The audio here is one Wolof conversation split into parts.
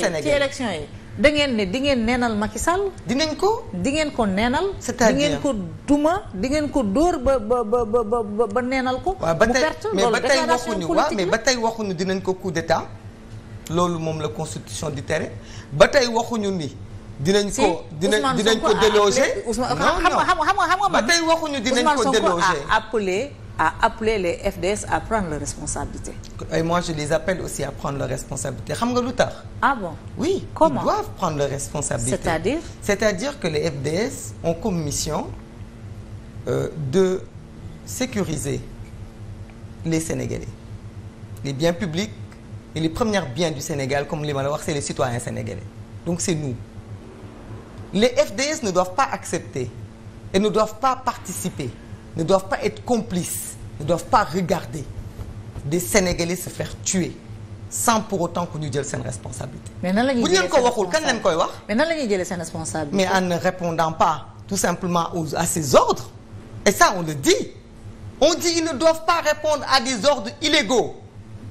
ci élection yi da ngeen ne di ngeen neenal dinañ ko. di ngeen ko neenal. c'est-à-dire di ngeen ko duma di ngeen ko dóor ba ba ba ba ba neenal ko. waaw ba tey mais ba tey waxuñu waaw mais ba tey waxuñu dinañ ko coup d'état loolu moom la constitution di tere ba tey waxuñu ni. dinañ ko dinañ dinañ ko délogé. Ousmane Sonko a appelé ba tey waxuñu dinañ ko délogé a à appeler les FDS à prendre leurs responsabilités. Et moi, je les appelle aussi à prendre leurs responsabilités. Xam nga lu tax? Ah bon? Oui, Comment? ils doivent prendre leurs responsabilités. C'est-à-dire? les FDS ont comme mission euh, de sécuriser les Sénégalais, les biens publics et les premiers biens du Sénégal, comme li ma wax, c'est les citoyens sénégalais. Donc c'est nous. Les FDS ne doivent pas accepter et ne doivent pas participer ne doivent pas être complices, ne doivent pas regarder des Sénégalais se faire tuer sans pour autant que ñu jël seen responsabilité. mais nan la ñuy jëlee ko waxul kan leen koy wax. mais la ñuy jëlee seen responsabilité. mais en ne répondant pas tout simplement aux à ces ordres et ça on le dit on dit ils ne doivent pas répondre à des ordres illégaux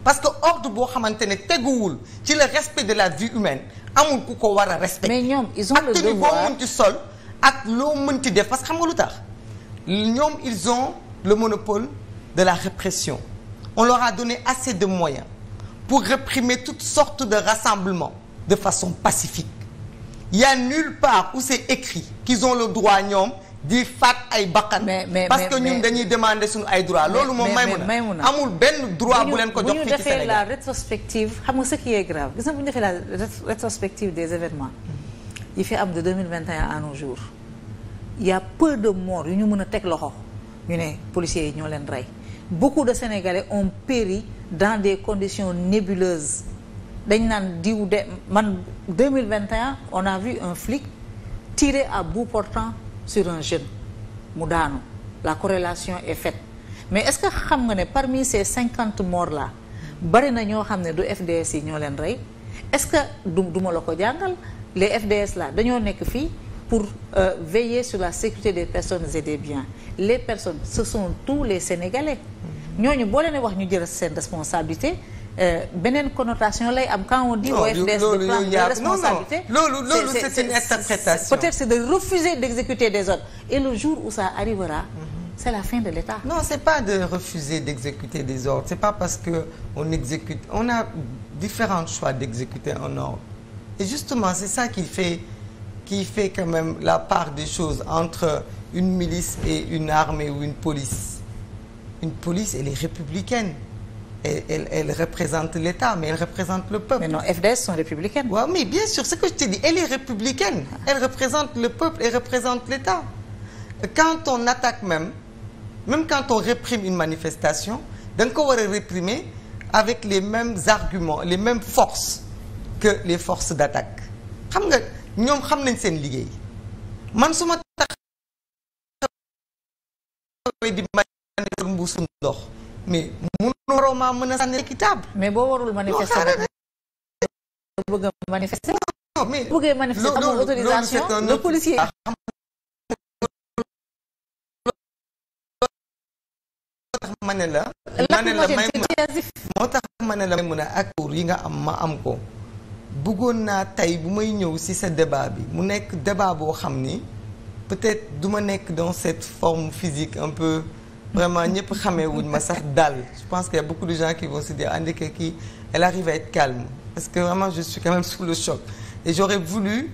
parce que ordre boo xamante ne teguwul ci le respect de la vie humaine amul ku ko war a respecter. mais ñoom ils ont ak tenu boo mënti sol ak loo mënti def parce que xam nga lu tax. ñoom ils ont le monopole de la répression on leur a donné assez de moyens pour réprimer toutes sortes de rassemblements de façon pacifique il y a nulle part où c'est écrit qu'ils ont le droit ñoom di faat ay bakkan parce que ñun dañuy demander suñu ay droit loolu moom may mun a amul benn droit bu leen ko jox fii ci Sénégal bu ñu defee la rétrospective xam nga ce qui est grave gis nga bu ñu defee la à nos jours y a peu de morts yu ñu mën a teg loxo ñu ne policiers yi ñoo leen rey beaucoup de Sénégalais ont péri dans des conditions nébuleuses dañ naan diw de man 2021 on a vu un flic tirer à bout portant sur un jeune mu daanu la corrélation est faite mais est-ce que xam nga ne parmi ces cinquante morts la bari na ñoo xam ne du FDS yi ñoo leen rey est-ce que du duma la ko jàngal les FDS là dañoo nekk fii pour euh, veiller sur la sécurité des personnes et des biens les personnes ce sont tous les Sénégalais ñooñu boo leen wax ñu jël seen responsabilité euh, beneen connotation lay am quand on dit au FDS de prendre des responsabilités loolu loolu c'est une interprétation peut-être c'est de refuser d'exécuter des ordres et le jour où ça arrivera mhm. c'est la fin de l'État non c'est pas de refuser d'exécuter des ordres c'est pas parce que on exécute on a différents choix d'exécuter un ordre et justement c'est ça qui fait qui fait quand même la part des choses entre une milice et une armée ou une police. Une police, elle est républicaine. Elle, elle, elle représente l'État, mais elle représente le peuple. Mais non, FDS sont républicaines. Oui, mais bien sûr, ce que je te dis, elle est républicaine. Elle représente le peuple, elle représente l'État. Quand on attaque même, même quand on réprime une manifestation, donc on va réprimer avec les mêmes arguments, les mêmes forces que les forces d'attaque. ñoom xam nañ seen liggéey man su ma taxawee di manifester mbuusum ndox mais mun waroo mën a sànni équitable mais boo warul manifester bëgg a manifester mais bëggee manifester amul autorisation le policier ah. ma ne la ma ne la may moo tax man ne la may mën a ak yi nga am ma am ko bëggoon naa tey bu may ñëw ci sa débat bi mu nekk débat boo xam ni peut-être du ma nekk dans cette forme physique un peu vraiment ñëpp xamee wuñ ma sax dal je pense qu'il y a beaucoup de gens qui vont se dire Andika ah, kii arrive à être calme parce que vraiment je suis quand même sous le choc et j'aurais voulu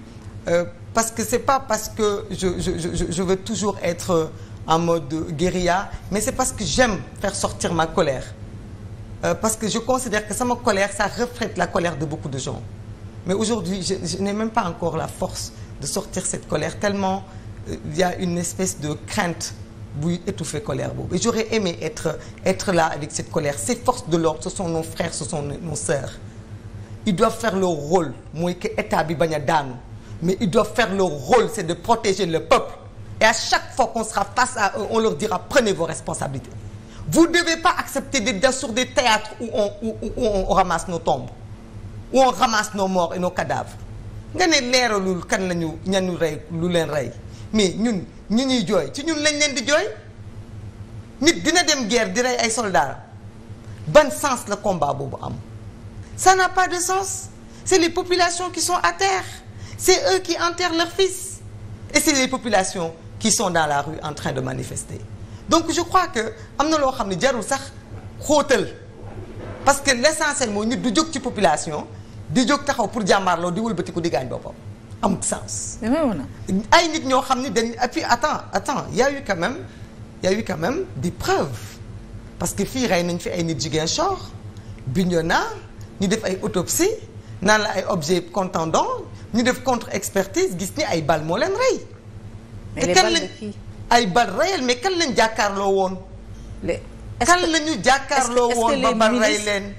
euh, parce que c'est pas parce que je je je je veux toujours être en mode guérilla mais c'est parce que j'aime faire sortir ma colère euh, parce que je considère que sama colère ça reflète la colère de beaucoup de gens mais aujourd'hui je, je n'ai même pas encore la force de sortir cette colère tellement euh, il y a une espèce de crainte buy étouffer colère boobu et j'aurais aimé être là avec cette colère ces forces de l'ordre ce sont nos frères ce sont nos sœurs ils doivent faire leur rôle mooy que état bi bañ a daanu mais ils doivent faire leur rôle c'est de protéger le peuple et à chaque fois qu'on sera face à eux on leur dira prenez vos responsabilités vous ne devez pas on ramasse nos morts et nos cadavres nga ne leeralul kan la ñan ñu rey lu leen rey mais ñun ñi ñuy jooy ci ñun lañ leen di jooy nit dina dem guerre di rey ay soldats ban sens la combat boobu am ça n'a pas de sens c'est les populations qui sont à terre c'est eux qui enterrent leurs fils et c'est les populations qui sont dans la rue en train de manifester donc je crois que am na loo xam ne jarul sax xootal parce que l'essentiel mooy ñu du jog ci population di jóg taxaw pour jàmbaarloo di wëlbatiku di gaañ boppam am sens. ay nit ñoo xam ni dañ et puis attends attends y a eu quand même y a eu quand même des preuves parce que fii rey nañ fi ay nit Ziguinchor Bignona ñu def ay autopsie naan la ay objet contendant ñu def contre expertise gis ni ay bal moo leen rey. te kan ay bal kan lañ jàkkaarloo woon. kan lañu jàkkaarloo woon ba bal rey leen.